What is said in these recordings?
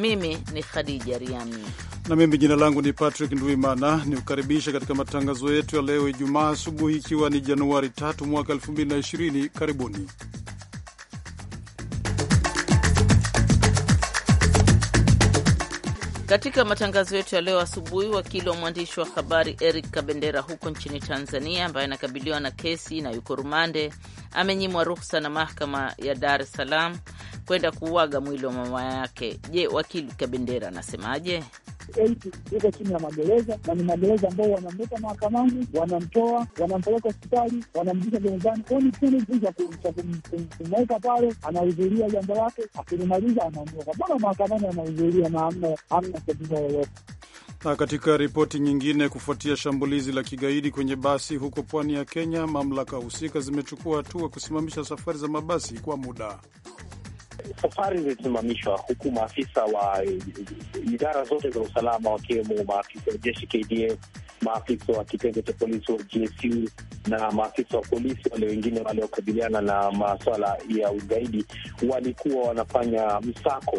mimi ni Khadija Riami na mimi jina langu ni Patrick nduimana ni kukaribisha katika matangazo yetu ya leo Ijumaa asubuhi, ikiwa ni Januari 3 mwaka 2020. Karibuni Katika matangazo yetu ya leo asubuhi, wakili wa mwandishi wa habari Eric Kabendera huko nchini Tanzania, ambaye anakabiliwa na kesi na yuko rumande, amenyimwa ruhusa na mahakama ya Dar es Salaam kwenda kuuaga mwili wa mama yake. Je, wakili Kabendera anasemaje? 80 chini ya magereza, na ni magereza ambao wanamleta mahakamani, wanamtoa, wanampeleka hospitali, wanamjisha gerezani. Kwao ni kitendo cha kumweka pale, anahudhuria jambo lake, akilimaliza anaondoka. Bora mahakamani anahudhuria na hamna tatizo yoyote. Na katika ripoti nyingine, kufuatia shambulizi la kigaidi kwenye basi huko pwani ya Kenya, mamlaka husika zimechukua hatua kusimamisha safari za mabasi kwa muda. Safari zilisimamishwa huku maafisa wa eh, idara zote za usalama wakiwemo maafisa wa jeshi KDF, maafisa wa kitengo cha polisi wa GSU na maafisa wa polisi wale wengine waliokabiliana na maswala ya ugaidi walikuwa wanafanya msako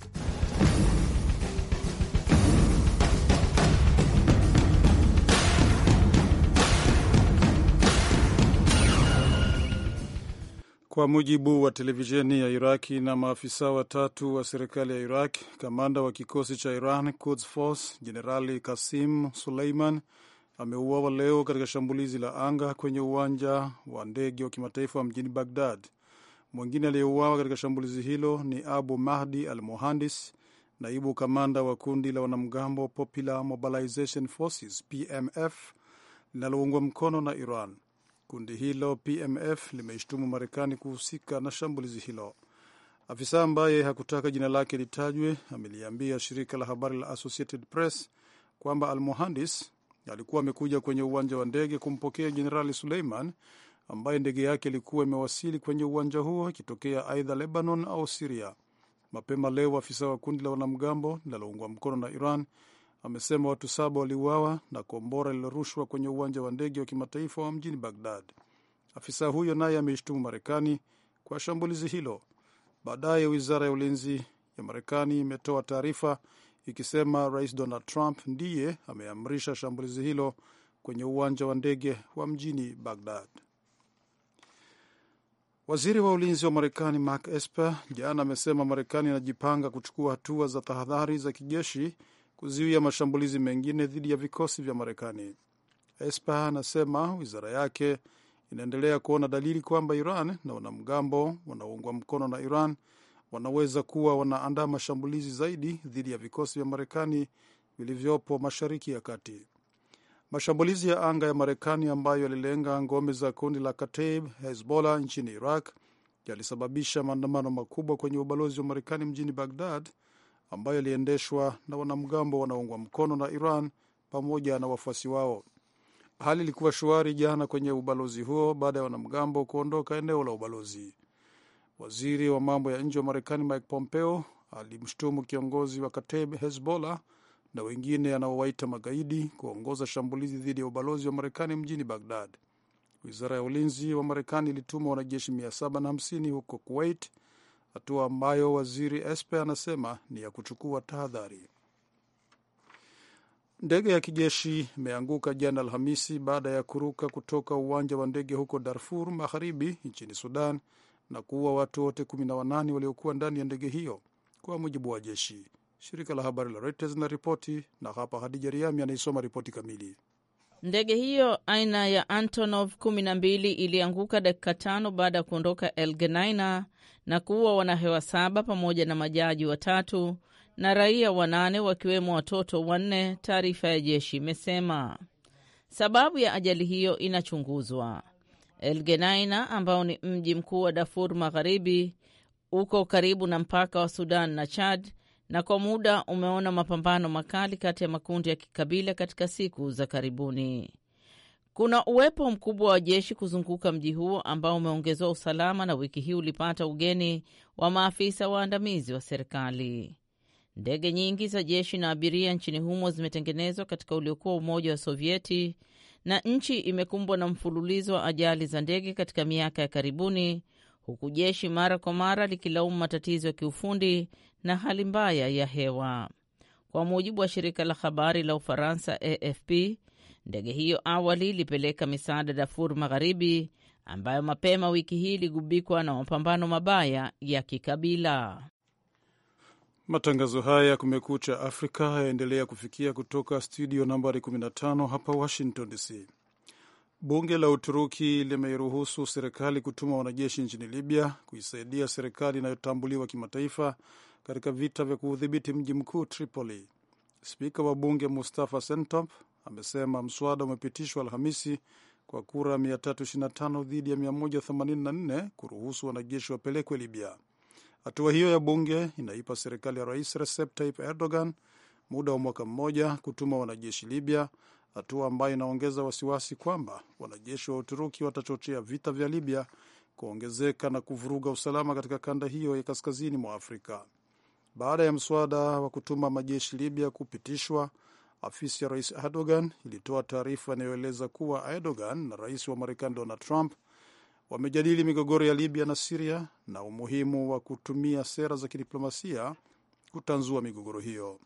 kwa mujibu wa televisheni ya Iraki na maafisa watatu wa serikali ya Iraq. Kamanda wa kikosi cha Iran Quds Force Jenerali Kasim Suleiman ameuawa leo katika shambulizi la anga kwenye uwanja wa ndege wa kimataifa wa mjini Bagdad. Mwingine aliyeuawa katika shambulizi hilo ni Abu Mahdi al Muhandis, naibu kamanda wa kundi la wanamgambo Popular Mobilization Forces PMF linaloungwa mkono na Iran. Kundi hilo PMF limeishtumu Marekani kuhusika na shambulizi hilo. Afisa ambaye hakutaka jina lake litajwe ameliambia shirika la habari la Associated Press kwamba Almuhandis alikuwa amekuja kwenye uwanja wa ndege kumpokea Jenerali Suleiman ambaye ndege yake ilikuwa imewasili kwenye uwanja huo ikitokea aidha Lebanon au Siria. Mapema leo afisa wa kundi la wanamgambo linaloungwa mkono na Iran amesema watu saba waliuawa na kombora lililorushwa kwenye uwanja wa ndege wa kimataifa wa mjini Bagdad. Afisa huyo naye ameishtumu Marekani kwa shambulizi hilo. Baadaye wizara ya ulinzi ya Marekani imetoa taarifa ikisema Rais Donald Trump ndiye ameamrisha shambulizi hilo kwenye uwanja wa ndege wa mjini Bagdad. Waziri wa ulinzi wa Marekani Mark Esper jana amesema Marekani inajipanga kuchukua hatua za tahadhari za kijeshi kuzuia mashambulizi mengine dhidi ya vikosi vya Marekani. espa anasema wizara yake inaendelea kuona dalili kwamba Iran na wanamgambo wanaoungwa mkono na Iran wanaweza kuwa wanaandaa mashambulizi zaidi dhidi ya vikosi vya Marekani vilivyopo Mashariki ya Kati. Mashambulizi ya anga ya Marekani ambayo yalilenga ngome za kundi la Kataib Hezbollah nchini Iraq yalisababisha maandamano makubwa kwenye ubalozi wa Marekani mjini Bagdad ambayo iliendeshwa na wanamgambo wanaoungwa mkono na Iran pamoja na wafuasi wao. Hali ilikuwa shwari jana kwenye ubalozi huo baada ya wanamgambo kuondoka eneo la ubalozi. Waziri wa mambo ya nje wa Marekani Mike Pompeo alimshutumu kiongozi wa Kateb Hezbollah na wengine anaowaita magaidi kuongoza shambulizi dhidi ya ubalozi wa Marekani mjini Bagdad. Wizara ya ulinzi wa Marekani ilituma wanajeshi 750 huko Kuwait hatua ambayo waziri espe anasema ni ya kuchukua tahadhari. Ndege ya kijeshi imeanguka jana Alhamisi baada ya kuruka kutoka uwanja wa ndege huko Darfur Magharibi nchini Sudan na kuua watu wote 18 waliokuwa ndani ya ndege hiyo, kwa mujibu wa jeshi. Shirika la habari la Reuters linaripoti, na hapa Hadija Riami anaisoma ripoti kamili. Ndege hiyo aina ya Antonov 12 ilianguka dakika tano baada ya kuondoka Elgenaina na kuua wanahewa saba pamoja na majaji watatu na raia wanane wakiwemo watoto wanne, taarifa ya jeshi imesema. Sababu ya ajali hiyo inachunguzwa. Elgenaina ambao ni mji mkuu wa Darfur Magharibi uko karibu na mpaka wa Sudan na Chad na kwa muda umeona mapambano makali kati ya makundi ya kikabila katika siku za karibuni. Kuna uwepo mkubwa wa jeshi kuzunguka mji huo ambao umeongezewa usalama, na wiki hii ulipata ugeni wa maafisa waandamizi wa serikali. Ndege nyingi za jeshi na abiria nchini humo zimetengenezwa katika uliokuwa Umoja wa Sovieti, na nchi imekumbwa na mfululizo wa ajali za ndege katika miaka ya karibuni, huku jeshi mara kwa mara likilaumu matatizo ya kiufundi na hali mbaya ya hewa. Kwa mujibu wa shirika la habari la Ufaransa AFP, ndege hiyo awali ilipeleka misaada Darfur Magharibi, ambayo mapema wiki hii iligubikwa na mapambano mabaya ya kikabila. Matangazo haya ya Kumekucha Afrika yaendelea kufikia kutoka studio nambari 15 hapa Washington DC. Bunge la Uturuki limeiruhusu serikali kutuma wanajeshi nchini Libya kuisaidia serikali inayotambuliwa kimataifa katika vita vya kuudhibiti mji mkuu Tripoli. Spika wa bunge Mustafa Sentop amesema mswada umepitishwa Alhamisi kwa kura 325 dhidi ya 184 kuruhusu wanajeshi wapelekwe Libya. Hatua hiyo ya bunge inaipa serikali ya rais Recep Tayyip Erdogan muda wa mwaka mmoja kutuma wanajeshi Libya hatua ambayo inaongeza wasiwasi kwamba wanajeshi wa Uturuki watachochea vita vya Libya kuongezeka na kuvuruga usalama katika kanda hiyo ya kaskazini mwa Afrika. Baada ya mswada wa kutuma majeshi Libya kupitishwa, afisi ya rais Erdogan ilitoa taarifa inayoeleza kuwa Erdogan na rais wa Marekani Donald Trump wamejadili migogoro ya Libya na Siria na umuhimu wa kutumia sera za kidiplomasia kutanzua migogoro hiyo.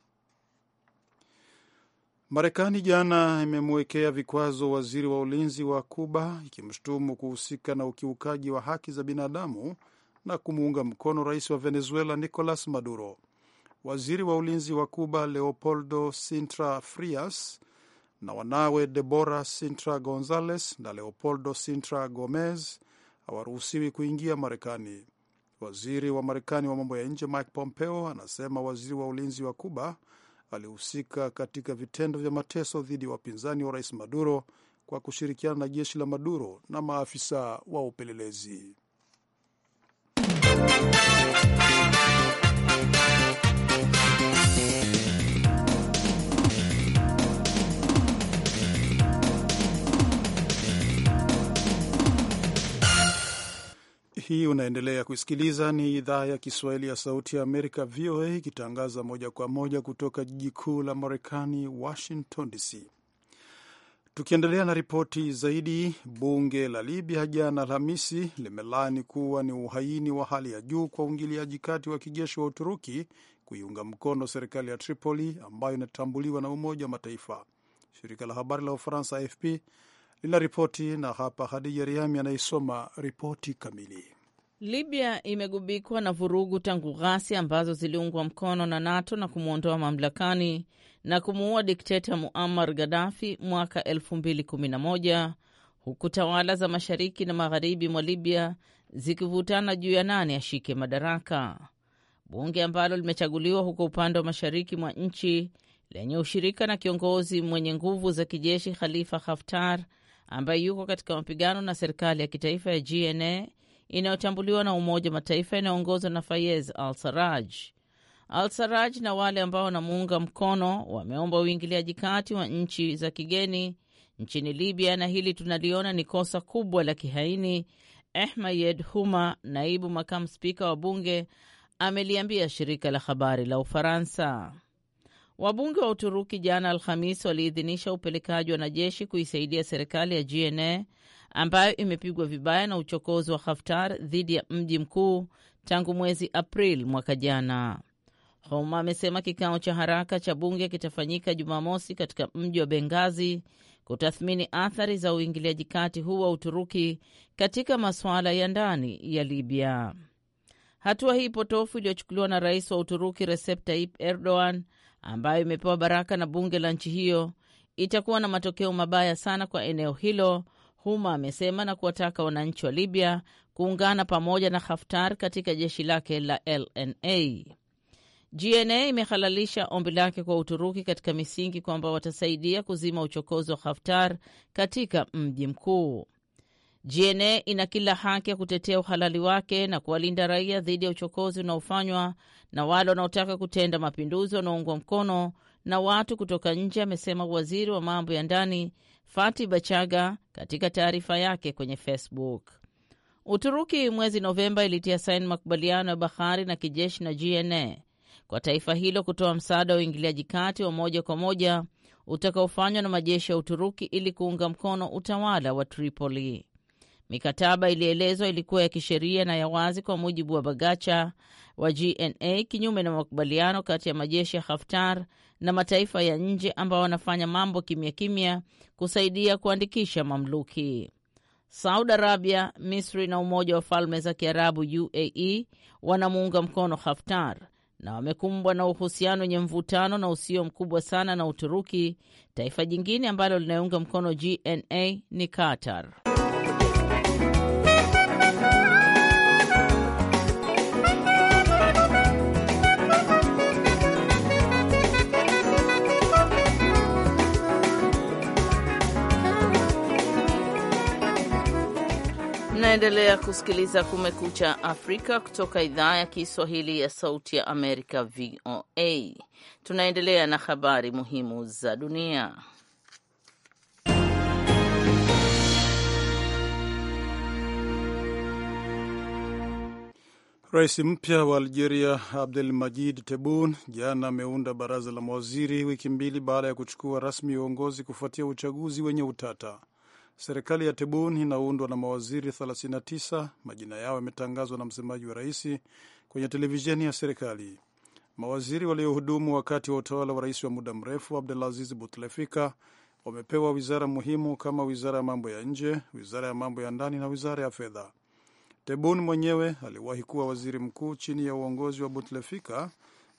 Marekani jana imemwekea vikwazo waziri wa ulinzi wa Kuba ikimshutumu kuhusika na ukiukaji wa haki za binadamu na kumuunga mkono rais wa Venezuela Nicolas Maduro. Waziri wa ulinzi wa Kuba Leopoldo Sintra Frias na wanawe Debora Sintra Gonzales na Leopoldo Sintra Gomez hawaruhusiwi kuingia Marekani. Waziri wa Marekani wa mambo ya nje Mike Pompeo anasema waziri wa ulinzi wa Kuba alihusika katika vitendo vya mateso dhidi ya wapinzani wa rais Maduro kwa kushirikiana na jeshi la Maduro na maafisa wa upelelezi. hii unaendelea kusikiliza, ni idhaa ya Kiswahili ya Sauti ya Amerika, VOA, ikitangaza moja kwa moja kutoka jiji kuu la Marekani, Washington DC. Tukiendelea na ripoti zaidi, bunge la Libya jana Alhamisi limelaani kuwa ni uhaini wa hali ya juu kwa uingiliaji kati wa kijeshi wa Uturuki kuiunga mkono serikali ya Tripoli ambayo inatambuliwa na Umoja wa Mataifa. Shirika la habari la Ufaransa AFP ripoti na hapa Hadija Riami anaisoma ripoti kamili. Libya imegubikwa na vurugu tangu ghasia ambazo ziliungwa mkono na NATO na kumwondoa mamlakani na kumuua dikteta Muammar Gaddafi mwaka 2011 huku tawala za mashariki na magharibi mwa Libya zikivutana juu ya nani ashike madaraka. Bunge ambalo limechaguliwa huko upande wa mashariki mwa nchi lenye ushirika na kiongozi mwenye nguvu za kijeshi Khalifa Haftar ambaye yuko katika mapigano na serikali ya kitaifa ya GNA inayotambuliwa na Umoja wa Mataifa inayoongozwa na Fayez al Saraj. Al Saraj na wale ambao wanamuunga mkono wameomba uingiliaji kati wa nchi za kigeni nchini Libya, na hili tunaliona ni kosa kubwa la kihaini. ehmayed Huma, naibu makamu spika wa bunge, ameliambia shirika la habari la Ufaransa. Wabunge wa Uturuki jana Alhamis waliidhinisha upelekaji wa wanajeshi kuisaidia serikali ya GNA ambayo imepigwa vibaya na uchokozi wa Haftar dhidi ya mji mkuu tangu mwezi april mwaka jana. homa amesema kikao cha haraka cha bunge kitafanyika Jumamosi katika mji wa Bengazi kutathmini athari za uingiliaji kati huu wa Uturuki katika masuala ya ndani ya Libya. Hatua hii potofu iliyochukuliwa na rais wa Uturuki Recep Tayyip Erdogan, ambayo imepewa baraka na bunge la nchi hiyo, itakuwa na matokeo mabaya sana kwa eneo hilo, Huma amesema na kuwataka wananchi wa Libya kuungana pamoja na Haftar katika jeshi lake la LNA. GNA imehalalisha ombi lake kwa Uturuki katika misingi kwamba watasaidia kuzima uchokozi wa Haftar katika mji mkuu. GNA ina kila haki ya kutetea uhalali wake na kuwalinda raia dhidi ya uchokozi unaofanywa na wale wanaotaka kutenda mapinduzi wanaoungwa mkono na watu kutoka nje, amesema waziri wa mambo ya ndani Fati Bachaga katika taarifa yake kwenye Facebook. Uturuki mwezi Novemba ilitia saini makubaliano ya bahari na kijeshi na GNA kwa taifa hilo kutoa msaada wa uingiliaji kati wa moja kwa moja utakaofanywa na majeshi ya Uturuki ili kuunga mkono utawala wa Tripoli. Mikataba ilielezwa ilikuwa ya kisheria na ya wazi kwa mujibu wa Bagacha wa GNA, kinyume na makubaliano kati ya majeshi ya Haftar na mataifa ya nje ambao wanafanya mambo kimya kimya kusaidia kuandikisha mamluki. Saudi Arabia, Misri na Umoja wa Falme za Kiarabu UAE wanamuunga mkono Haftar na wamekumbwa na uhusiano wenye mvutano na usio mkubwa sana na Uturuki. Taifa jingine ambalo linayounga mkono GNA ni Qatar. Unaendelea kusikiliza Kumekucha Afrika kutoka idhaa ya Kiswahili ya Sauti ya Amerika, VOA. Tunaendelea na habari muhimu za dunia. Rais mpya wa Algeria Abdel Majid tebun jana ameunda baraza la mawaziri wiki mbili baada ya kuchukua rasmi uongozi kufuatia uchaguzi wenye utata. Serikali ya Tebun inaundwa na mawaziri 39. Majina yao yametangazwa na msemaji wa rais kwenye televisheni ya serikali. Mawaziri waliohudumu wakati wa utawala wa rais wa muda mrefu Abdulaziz Butlefika wamepewa wizara muhimu kama wizara ya mambo ya nje, wizara ya mambo ya ndani na wizara ya fedha. Tebun mwenyewe aliwahi kuwa waziri mkuu chini ya uongozi wa Butlefika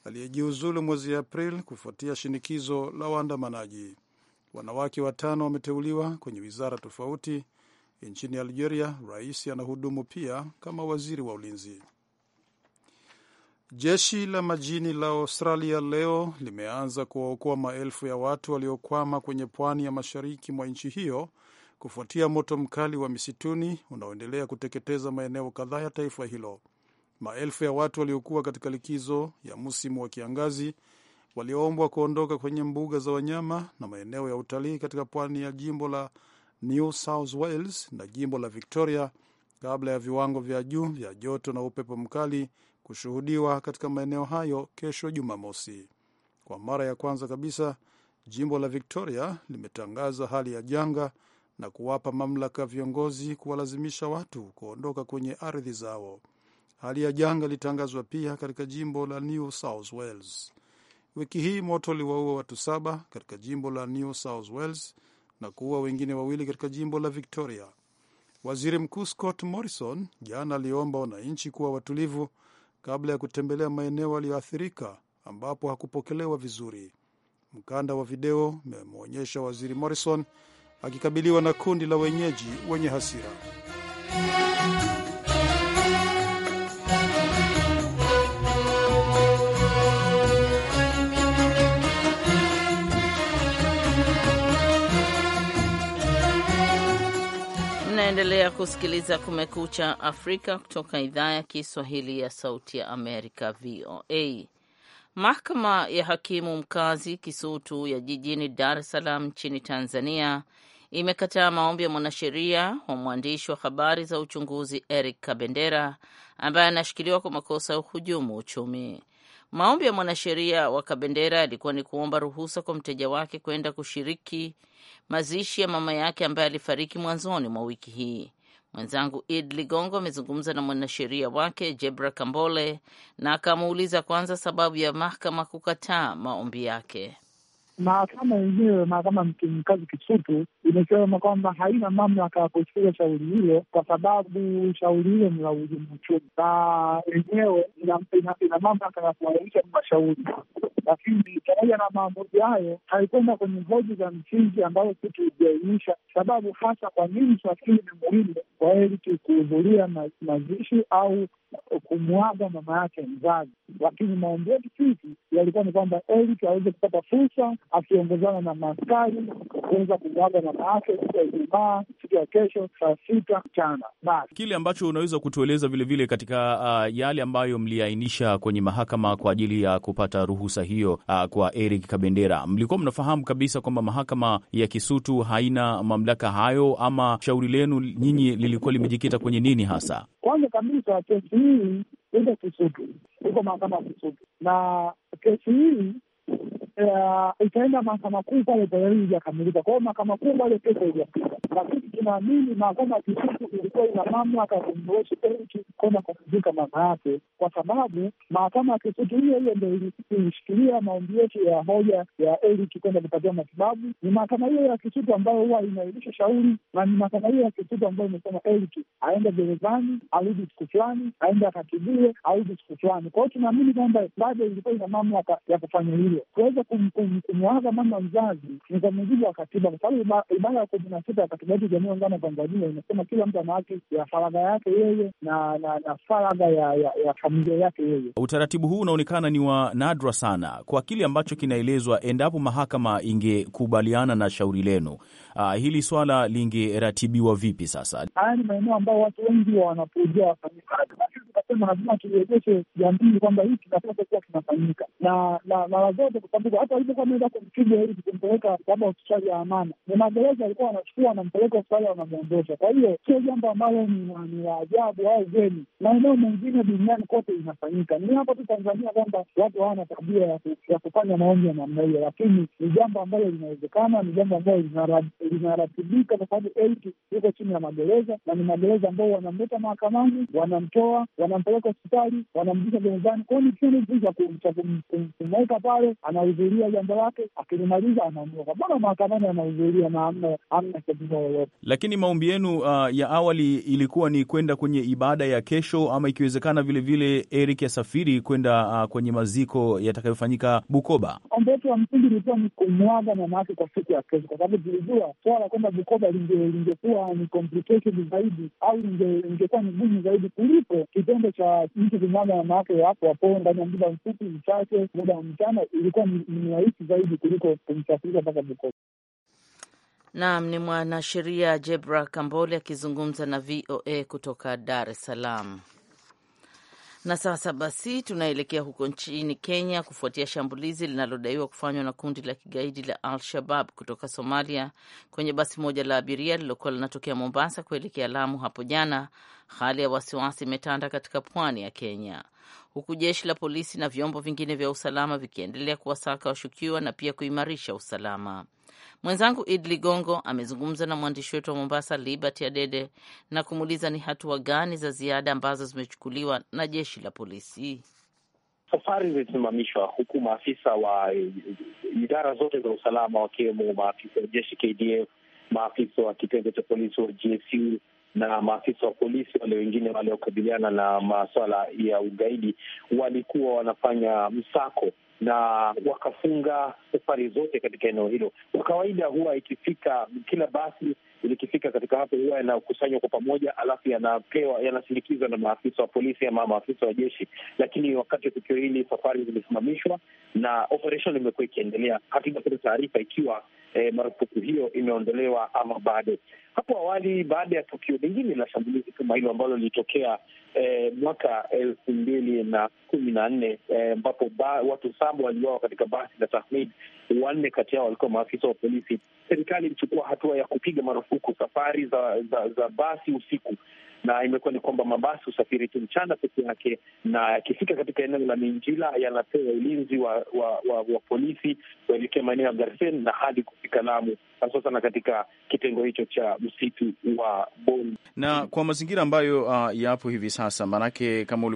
aliyejiuzulu mwezi Aprili kufuatia shinikizo la waandamanaji. Wanawake watano wameteuliwa kwenye wizara tofauti. Nchini Algeria, rais anahudumu pia kama waziri wa ulinzi. Jeshi la majini la Australia leo limeanza kuwaokoa maelfu ya watu waliokwama kwenye pwani ya mashariki mwa nchi hiyo kufuatia moto mkali wa misituni unaoendelea kuteketeza maeneo kadhaa ya taifa hilo. Maelfu ya watu waliokuwa katika likizo ya msimu wa kiangazi walioombwa kuondoka kwenye mbuga za wanyama na maeneo ya utalii katika pwani ya jimbo la New South Wales na jimbo la Victoria kabla ya viwango vya juu vya joto na upepo mkali kushuhudiwa katika maeneo hayo kesho Jumamosi. Kwa mara ya kwanza kabisa, jimbo la Victoria limetangaza hali ya janga na kuwapa mamlaka viongozi kuwalazimisha watu kuondoka kwenye ardhi zao. Hali ya janga ilitangazwa pia katika jimbo la New South Wales. Wiki hii moto liwaua watu saba katika jimbo la New South Wales na kuua wengine wawili katika jimbo la Victoria. Waziri Mkuu Scott Morrison jana aliomba wananchi kuwa watulivu kabla ya kutembelea maeneo aliyoathirika ambapo hakupokelewa vizuri. Mkanda wa video umemwonyesha Waziri Morrison akikabiliwa na kundi la wenyeji wenye hasira. Unaendelea kusikiliza Kumekucha Afrika kutoka idhaa ya Kiswahili ya Sauti ya Amerika, VOA. Mahakama ya hakimu mkazi Kisutu ya jijini Dar es Salaam nchini Tanzania imekataa maombi ya mwanasheria wa mwandishi wa habari za uchunguzi Eric Kabendera ambaye anashikiliwa kwa makosa ya uhujumu uchumi. Maombi ya mwanasheria wa Kabendera yalikuwa ni kuomba ruhusa kwa mteja wake kwenda kushiriki mazishi ya mama yake ambaye alifariki mwanzoni mwa wiki hii. Mwenzangu Id Ligongo amezungumza na mwanasheria wake Jebra Kambole na akamuuliza kwanza sababu ya mahakama kukataa maombi yake mahakama yenyewe, mahakama mkazi Kisutu imesema kwamba haina mamlaka ya kusikiza shauri hilo kwa sababu shauri hilo ni la uhujumu uchumi, na yenyewe ina mamlaka ya kuahirisha mashauri. Lakini pamoja na maamuzi hayo, haikwenda kwenye hoji za msingi ambazo kitu hujainisha sababu hasa kwa nini swakili ni muhimu kwa Eriki kuhudhuria mazishi au kumwaga mama yake mzazi. Lakini maombi yetu sisi yalikuwa ni kwamba Eric aweze kupata fursa akiongozana na maaskari kuweza kumwaga mama yake siku ya Ijumaa, siku ya kesho saa sita mchana. Basi kile ambacho unaweza kutueleza vilevile vile katika uh, yale ambayo mliainisha kwenye mahakama kwa ajili ya kupata ruhusa hiyo uh, kwa Eric Kabendera, mlikuwa mnafahamu kabisa kwamba mahakama ya Kisutu haina mamlaka hayo, ama shauri lenu nyinyi lilikuwa limejikita kwenye nini hasa? Kwanza kabisa kesi hii iko Kisutu, iko mahakama ya Kisutu, na kesi hii Eh, itaenda mahakama kuu pale tayari ijakamilika. Kwa hiyo mahakama kuu pale kesi ijafika, lakini tunaamini mahakama ya Kisutu ilikuwa ina mamlaka ya kumruhusu Heche kwenda kuvunjika mama yake, kwa sababu mahakama ya Kisutu hiyo hiyo ndo ilishikilia maombi yetu ya hoja ya eriki kwenda kupatiwa matibabu. Ni mahakama hiyo ya Kisutu ambayo huwa inaidisha shauri, na ni mahakama hiyo ya Kisutu ambayo imesema eriki aende gerezani, arudi siku fulani, aende akatibiwe, arudi siku fulani. Kwa hiyo tunaamini kwamba bado ilikuwa ina mamlaka ya kufanya hilo kuweza kumwaga mama mzazi ni kwa mujibu wa katiba, kwa sababu ibara ya kumi na sita ya katiba yetu ya Jamhuri ya Muungano wa Tanzania inasema kila mtu ana haki ya faragha yake yeye na na, na faragha ya, ya, ya familia yake yeye. Utaratibu huu unaonekana ni wa nadra sana kwa kile ambacho kinaelezwa. Endapo mahakama ingekubaliana na shauri lenu, uh, hili swala lingeratibiwa vipi? Sasa haya ni maeneo ambayo watu wengi wanapuuzia lakini tukasema lazima tuiegeshe jamii kwamba hii kinapaswa kuwa kinafanyika na mara zote, kwa sababu hivyo hata alipokuwa ameweza kumpiga ili kumpeleka labda hospitali ya Amana, ni magereza alikuwa wanachukua wanampeleka hospitali wanamwondosha. Kwa hiyo sio jambo ambalo ni la ajabu au geni, maeneo mengine duniani kote inafanyika. Ni hapa tu Tanzania kwamba watu hawana tabia ya kufanya maombi ya namna hiyo, lakini ni jambo ambalo linawezekana, ni jambo ambalo linaratibika, kwa sababu eti yuko chini ya magereza na ni magereza ambao wanamleta mahakamani, wanamtoa, wanampeleka hospitali, wanamjisha gerezani. kwao ni kitendo cha kumweka pale ana anahudhuria jambo lake, akilimaliza anaondoka. Mbona mahakamani anahudhuria na hamna tatizo yoyote? Lakini maombi yenu uh, ya awali ilikuwa ni kwenda kwenye ibada ya kesho, ama ikiwezekana vilevile Eric asafiri kwenda uh, kwenye maziko yatakayofanyika Bukoba. Ombi yetu ya msingi ilikuwa ni kumwaga mama kwa siku ya kesho, kwa sababu tulijua swala la kwenda Bukoba lingekuwa ni complicated zaidi au lingekuwa ni gumu zaidi kuliko kitendo cha mtu kumwaga mama yake hapo hapo ndani ya muda mfupi mchache, muda wa mchana. Ilikuwa ni ni rahisi zaidi kuliko kumsafirisha mpaka Bukoba. Naam, ni mwanasheria Jebra Kambole akizungumza na VOA kutoka Dar es Salaam. Na sasa basi tunaelekea huko nchini Kenya kufuatia shambulizi linalodaiwa kufanywa na kundi la kigaidi la Al-Shabab kutoka Somalia kwenye basi moja la abiria lililokuwa linatokea Mombasa kuelekea Lamu hapo jana. Hali ya wasiwasi imetanda katika pwani ya Kenya, huku jeshi la polisi na vyombo vingine vya usalama vikiendelea kuwasaka washukiwa na pia kuimarisha usalama. Mwenzangu Id Ligongo amezungumza na mwandishi wetu wa Mombasa, Liberty Adede, na kumuuliza ni hatua gani za ziada ambazo zimechukuliwa na jeshi la polisi. Safari zilisimamishwa huku maafisa wa eh, idara zote za usalama wakiwemo maafisa wa jeshi KDF, maafisa wa kitengo cha polisi wa GSU na maafisa wa polisi wale wengine waliokabiliana na maswala ya ugaidi walikuwa wanafanya msako na wakafunga safari zote katika eneo hilo. Kwa kawaida huwa ikifika kila basi likifika katika hapo huwa yanakusanywa kwa pamoja, alafu yanapewa yanasindikizwa na maafisa wa polisi ama maafisa wa jeshi. Lakini wakati wa tukio hili safari zimesimamishwa na operesheni imekuwa ikiendelea. Hatujapata taarifa ikiwa e, marufuku hiyo imeondolewa ama bado. Hapo awali, baada ya tukio lingine la shambulizi kama hilo ambalo lilitokea e, mwaka elfu mbili na kumi na nne e, ambapo watu saba waliuawa katika basi la Tahmid, wanne kati yao walikuwa maafisa wa polisi. Serikali ilichukua hatua ya kupiga marufuku safari za, za, za basi usiku na imekuwa ni kwamba mabasi husafiri tu mchana peke yake, na yakifika katika eneo la Minjila yanapewa ulinzi wa, wa, wa, wa polisi kuelekea maeneo ya Garsen na hadi kufika Lamu hasa sana katika kitengo hicho cha msitu wa Boni na kwa mazingira ambayo uh, yapo hivi sasa, maanake kama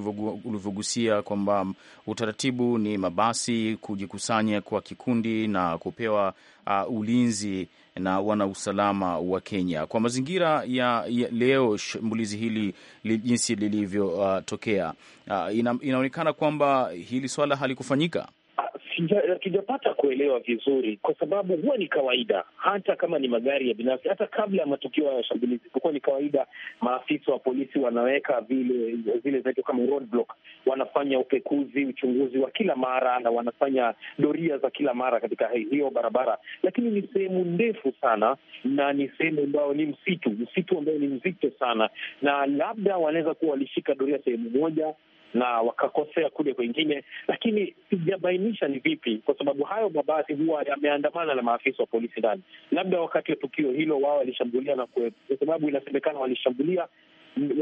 ulivyogusia kwamba um, utaratibu ni mabasi kujikusanya kwa kikundi na kupewa uh, ulinzi na wana usalama wa Kenya. Kwa mazingira ya, ya leo shambulizi hili li, jinsi lilivyotokea uh, uh, ina, inaonekana kwamba hili swala halikufanyika hatujapata kuelewa vizuri, kwa sababu huwa ni kawaida, hata kama ni magari ya binafsi. Hata kabla ya matukio ya shambulizi, ilikuwa ni kawaida, maafisa wa polisi wanaweka vile zile zaitwa kama roadblock, wanafanya upekuzi, uchunguzi wa kila mara, na wanafanya doria za kila mara katika hiyo barabara, lakini ni sehemu ndefu sana na ni sehemu ambayo ni msitu, msitu ambayo ni mzito sana, na labda wanaweza kuwa walishika doria sehemu moja na wakakosea kule kwengine, lakini sijabainisha ni vipi, kwa sababu hayo mabasi huwa yameandamana na maafisa wa polisi ndani. Labda wakati wa tukio hilo wao walishambulia na kwa sababu inasemekana walishambulia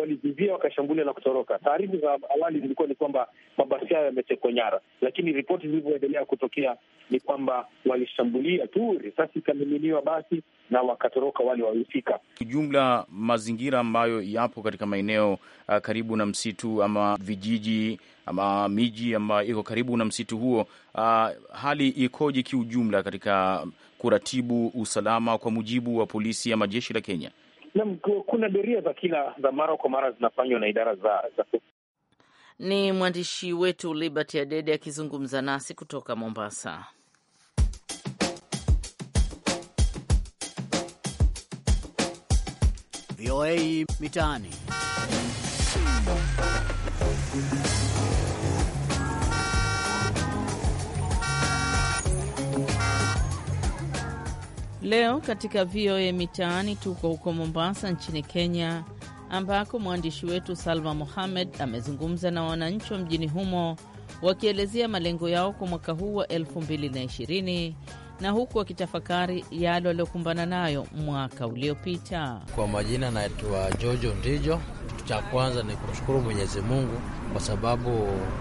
walivizia wakashambulia na kutoroka. Taarifa za awali zilikuwa ni kwamba mabasi hayo yametekwa nyara, lakini ripoti zilivyoendelea kutokea ni kwamba walishambulia tu, risasi ikamiminiwa basi na wakatoroka wale wahusika. Kijumla, mazingira ambayo yapo katika maeneo uh, karibu na msitu ama vijiji ama miji ambayo iko karibu na msitu huo, uh, hali ikoje kiujumla katika kuratibu usalama kwa mujibu wa polisi ama jeshi la Kenya? Naam, kuna doria za kila za mara kwa mara zinafanywa na idara za, za ni mwandishi wetu Liberty Adede akizungumza nasi kutoka Mombasa. VOA Mitaani. Leo katika VOA Mitaani tuko huko Mombasa nchini Kenya, ambako mwandishi wetu Salma Mohamed amezungumza na wananchi wa mjini humo wakielezea malengo yao kwa mwaka huu wa 2020 na huku wakitafakari yale waliokumbana nayo mwaka uliopita. Kwa majina naitwa Jojo Ndijo, cha kwanza ni kumshukuru Mwenyezi Mungu kwa sababu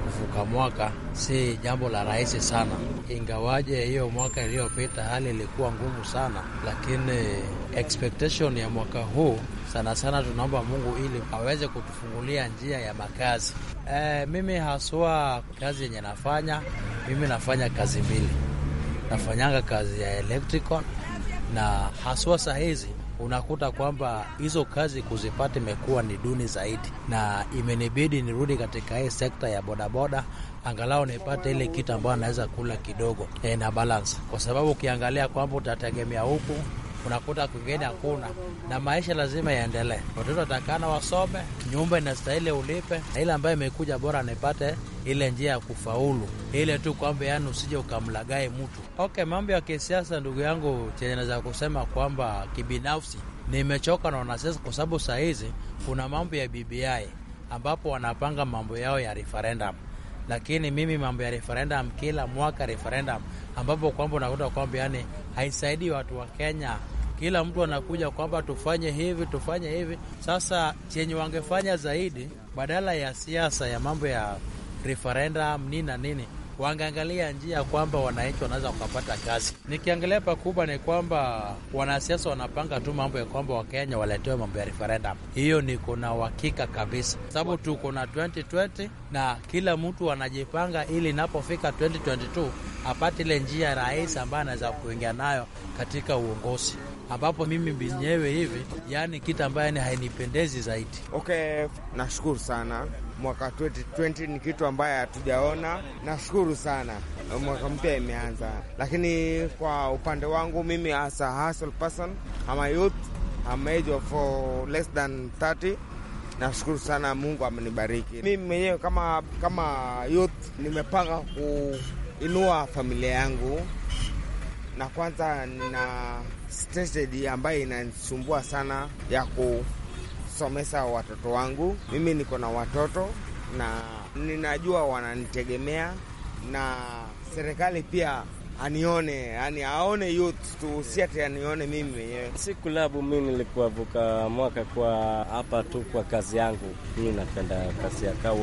kuvuka mwaka si jambo la rahisi sana, ingawaje hiyo mwaka iliyopita hali ilikuwa ngumu sana, lakini expectation ya mwaka huu sana sana tunaomba Mungu ili aweze kutufungulia njia ya makazi. E, mimi haswa kazi yenye nafanya mimi nafanya kazi mbili, nafanyanga kazi ya electrical na haswa saa hizi unakuta kwamba hizo kazi kuzipata imekuwa ni duni zaidi, na imenibidi nirudi katika hii sekta ya bodaboda angalau nipate ile kitu ambayo anaweza kula kidogo e, na balance, kwa sababu ukiangalia kwamba utategemea huku unakuta kwingine hakuna, na maisha lazima yaendelee. Watoto watakana wasome, nyumba inastahili ulipe, na ile ambayo imekuja bora nipate ile njia ya kufaulu, ile tu kwamba yani usije ukamlagae mtu. Okay, mambo ya kisiasa, ndugu yangu, chenye naweza kusema kwamba kibinafsi nimechoka na wanasiasa, kwa sababu saa hizi kuna mambo ya BBI ambapo wanapanga mambo yao ya referendum lakini mimi mambo ya referendum kila mwaka referendum, ambapo kwamba unakuta kwamba yani haisaidii watu wa Kenya kila mtu anakuja kwamba tufanye hivi, tufanye hivi. Sasa chenye wangefanya zaidi, badala ya siasa ya mambo ya referendum nini na nini wangeangalia njia kwamba wananchi wanaweza wakapata kazi. Nikiangalia pakubwa ni kwamba wanasiasa wanapanga tu mambo ya kwamba Wakenya waletewe mambo ya referendum. Hiyo ni kuna uhakika kabisa, sababu tuko na 2020 na kila mtu anajipanga ili inapofika 2022 apate ile njia rahisi ambayo anaweza kuingia nayo katika uongozi ambapo mimi mwenyewe hivi, yani kitu ambayo hainipendezi zaidi. Okay, nashukuru sana mwaka 2020 ni kitu ambayo hatujaona. Nashukuru sana mwaka mpya imeanza, lakini kwa upande wangu mimi as a hustle person, ama youth, I'm age of uh, less than 30 Nashukuru sana Mungu amenibariki. Mimi mwenyewe kama kama youth nimepanga kuinua familia yangu, na kwanza nina stress ambayo inanisumbua sana ya ku kusomesa watoto wangu. Mimi niko na watoto na ninajua wananitegemea, na serikali pia anione, yani aone youth tu, anione mimi mwenyewe. Si kulabu, mi nilikuavuka mwaka kwa hapa tu kwa kazi yangu. Mi napenda kazi ya kaa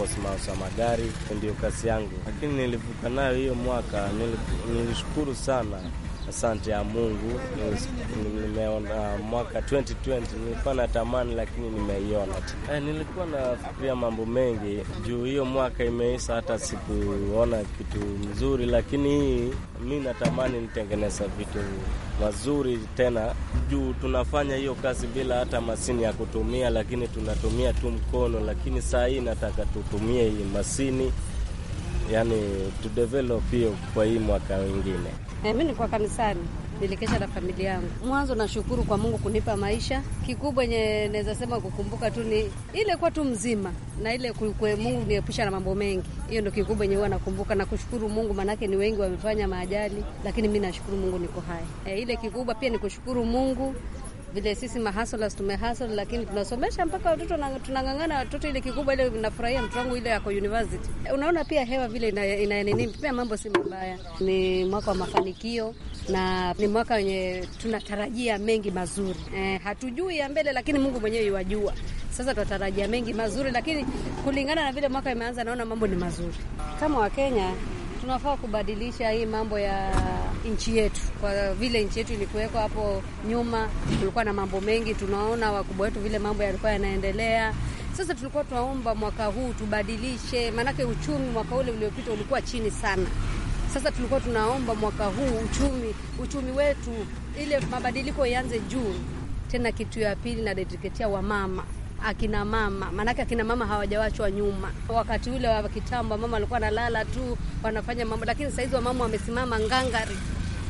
magari, ndio kazi yangu, lakini nilivuka nayo hiyo mwaka. Nilishukuru sana Asante ya Mungu, nimeona mwaka 2020 nilikuwa na tamani, lakini nimeiona tu. E, nilikuwa nafikiria mambo mengi juu hiyo mwaka imeisha, hata sikuona kitu mzuri, lakini hii mi natamani nitengeneza vitu mazuri tena, juu tunafanya hiyo kazi bila hata masini ya kutumia, lakini tunatumia tu mkono, lakini saa hii nataka tutumie hii masini yani to develop hiyo kwa hii mwaka wengine. E, eh, mi nikuwa kanisani nilikesha na familia yangu. Mwanzo nashukuru kwa Mungu kunipa maisha. Kikubwa enye naweza sema kukumbuka tu ni ile kuwa tu mzima na ile kwe Mungu niepusha na mambo mengi. Hiyo ndo kikubwa enye huwa nakumbuka na kushukuru Mungu, maanake ni wengi wamefanya maajali, lakini mi nashukuru Mungu niko hai. E, ile kikubwa pia ni kushukuru Mungu vile sisi mahasolas tumehasola, lakini tunasomesha mpaka watoto tunang'ang'ana watoto. Ile kikubwa ile nafurahia mtoto wangu ile yako university. Unaona pia hewa vile ina nini, pia mambo si mabaya. Ni mwaka wa mafanikio na ni mwaka wenye tunatarajia mengi mazuri. eh, hatujui ya mbele, lakini Mungu mwenyewe yuwajua. Sasa tunatarajia mengi mazuri, lakini kulingana na vile mwaka imeanza, naona mambo ni mazuri kama Wakenya tunafaa kubadilisha hii mambo ya nchi yetu, kwa vile nchi yetu ilikuwekwa hapo nyuma, kulikuwa na mambo mengi, tunaona wakubwa wetu vile mambo yalikuwa yanaendelea. Sasa tulikuwa tunaomba mwaka huu tubadilishe, maanake uchumi mwaka ule uliopita ulikuwa chini sana. Sasa tulikuwa tunaomba mwaka huu uchumi uchumi wetu ile mabadiliko ianze juu tena. Kitu ya pili na dediketia wamama akina mama, maanake akina mama hawajawachwa nyuma. Wakati ule wa kitambo mama walikuwa analala tu wanafanya mambo, lakini sahizi wamama wamesimama ngangari.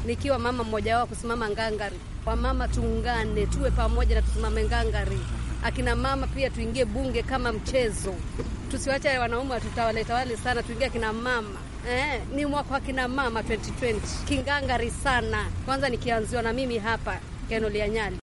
Nikiwa mama mmoja wao kusimama ngangari, wamama tuungane, tuwe pamoja na tusimame ngangari. Akina mama pia tuingie bunge kama mchezo, tusiwache wanaume watutawaleta wale sana, tuingie akina mama Eh, ni mwaka wa kina mama 2020 kingangari sana. Kwanza nikianziwa na mimi hapa Kenoli ya Nyali.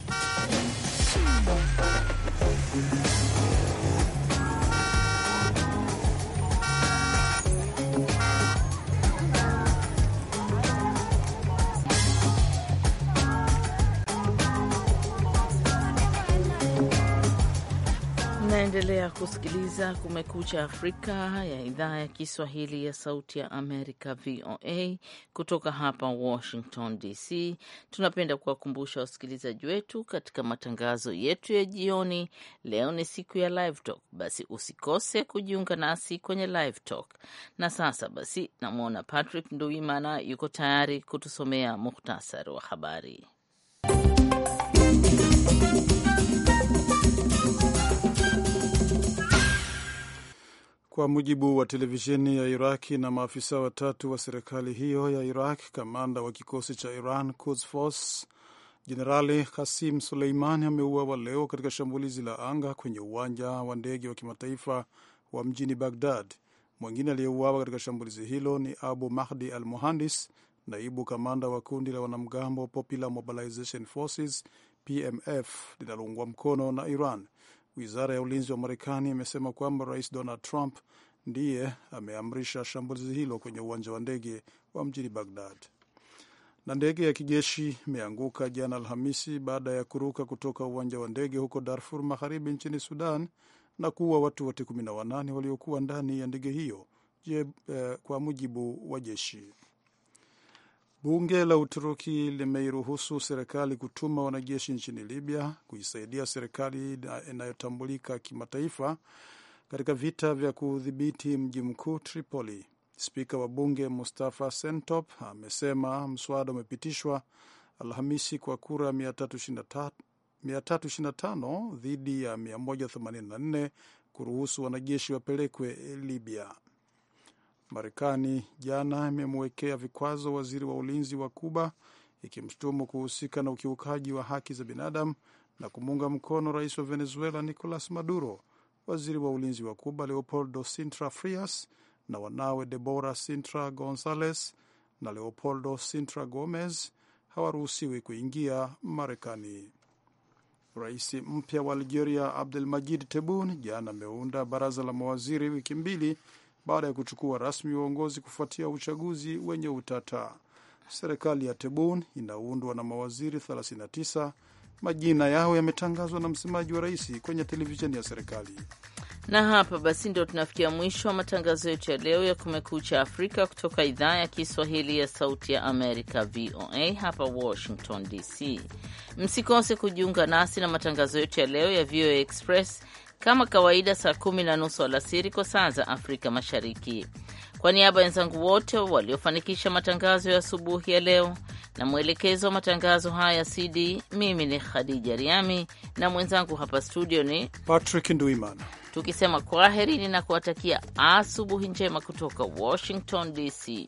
Unaendelea kusikiliza Kumekucha Afrika ya idhaa ya Kiswahili ya Sauti ya Amerika, VOA, kutoka hapa Washington DC. Tunapenda kuwakumbusha wasikilizaji wetu katika matangazo yetu ya jioni, leo ni siku ya Live Talk, basi usikose kujiunga nasi kwenye Live Talk. Na sasa basi, namwona Patrick Nduimana yuko tayari kutusomea muhtasari wa habari. kwa mujibu wa televisheni ya Iraki na maafisa watatu wa serikali hiyo ya Iraq. Kamanda wa kikosi cha Iran Quds Force Jenerali Kasim Suleimani ameuawa leo katika shambulizi la anga kwenye uwanja wa ndege wa kimataifa wa mjini Bagdad. Mwingine aliyeuawa katika shambulizi hilo ni Abu Mahdi al Muhandis, naibu kamanda wa kundi la wanamgambo Popular Mobilization Forces PMF linaloungwa mkono na Iran. Wizara ya ulinzi wa Marekani imesema kwamba Rais Donald Trump ndiye ameamrisha shambulizi hilo kwenye uwanja wa ndege wa mjini Bagdad. Na ndege ya kijeshi imeanguka jana Alhamisi baada ya kuruka kutoka uwanja wa ndege huko Darfur Magharibi nchini Sudan na kuua watu wote 18 waliokuwa ndani ya ndege hiyo, je, eh, kwa mujibu wa jeshi. Bunge la Uturuki limeiruhusu serikali kutuma wanajeshi nchini Libya kuisaidia serikali inayotambulika kimataifa katika vita vya kudhibiti mji mkuu Tripoli. Spika wa bunge Mustafa Sentop amesema mswada umepitishwa Alhamisi kwa kura 325 dhidi ya 184 kuruhusu wanajeshi wapelekwe Libya. Marekani jana imemwekea vikwazo waziri wa ulinzi wa Kuba ikimshutumu kuhusika na ukiukaji wa haki za binadamu na kumuunga mkono rais wa Venezuela Nicolas Maduro. Waziri wa ulinzi wa Kuba Leopoldo Sintra Frias na wanawe Debora Sintra Gonzales na Leopoldo Sintra Gomez hawaruhusiwi kuingia Marekani. Rais mpya wa Algeria Majid tebun jana ameunda baraza la mawaziri wiki mbili baada ya kuchukua rasmi uongozi kufuatia uchaguzi wenye utata. Serikali ya Tebun inaundwa na mawaziri 39 majina yao yametangazwa na msemaji wa rais kwenye televisheni ya serikali. Na hapa basi ndo tunafikia mwisho wa matangazo yetu ya leo ya Kumekucha Afrika kutoka idhaa ya Kiswahili ya Sauti ya Amerika, VOA hapa Washington DC. Msikose kujiunga nasi na matangazo yetu ya leo ya VOA Express kama kawaida saa kumi na nusu alasiri kwa saa za Afrika Mashariki. Kwa niaba ya wenzangu wote waliofanikisha matangazo ya asubuhi ya leo na mwelekezo wa matangazo haya CD, mimi ni Khadija Riami na mwenzangu hapa studio ni Patrick Ndwimana, tukisema kwaherini na kuwatakia asubuhi njema kutoka Washington DC.